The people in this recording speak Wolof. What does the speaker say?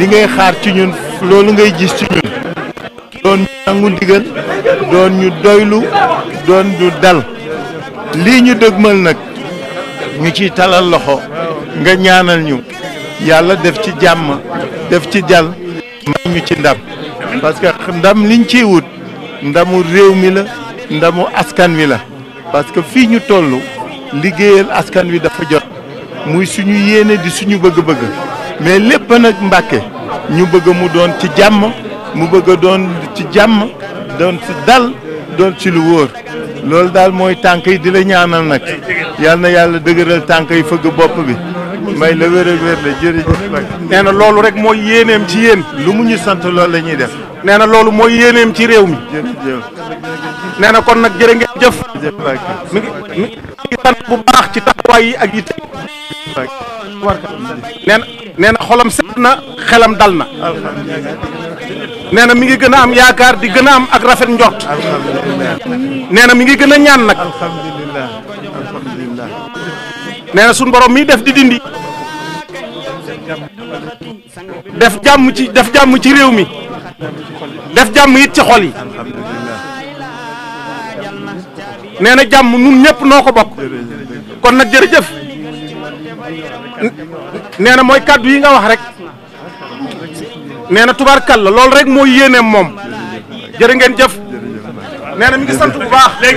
li ngay xaar ci ñun loolu ngay gis ci ñun doon ñu nangu ndigal doon ñu doylu doon ñu dal lii ñu dëgmal nag ñu ciy talal loxo nga ñaanal ñu yàlla def ci jàmm def ci jàll may ñu ci ndam parce que ndam liñ ciy wut ndamu réew mi la ndamu askan wi la parce que fii ñu tollu liggéeyal askan wi dafa jot muy suñu yéene di suñu bëgg-bëgg mais lépp nag Mbàkke ñu bëgg mu doon ci jàmm mu bëgg a doon ci jàmm doon ci dal doon ci lu wóor loolu daal mooy tànk yi di la ñaanal nag yal na yàlla dëgëral tànk yi fëgg bopp bi may la wér wér la jërëjëf nee na loolu rek mooy yéeneem ci yéen lu mu ñu sant loolu la ñuy def nee na loolu mooy yéeneem ci réew mi jërëjëf na kon nag jërë ngeen jëf mi ngi mi ngi sant bu baax ci taxawaay yi ak yi tey nee nee na xolam set na xelam dal na nee na mi ngi gën a am yaakaar di gën a am ak rafet njot nee na mi ngi gën a ñaan nag nee na borom mi def di dindi def jàmm ci def jàmm ci réew mi def jàmm it ci xol yi nee na jàmm nun ñépp noo ko bokk kon nag jërëjëf nee na mooy kàddu yi nga wax rek nee na tubaarkàlla lool rek mooy yéene moom jërë ngeen jëf nee mi ngi sant bu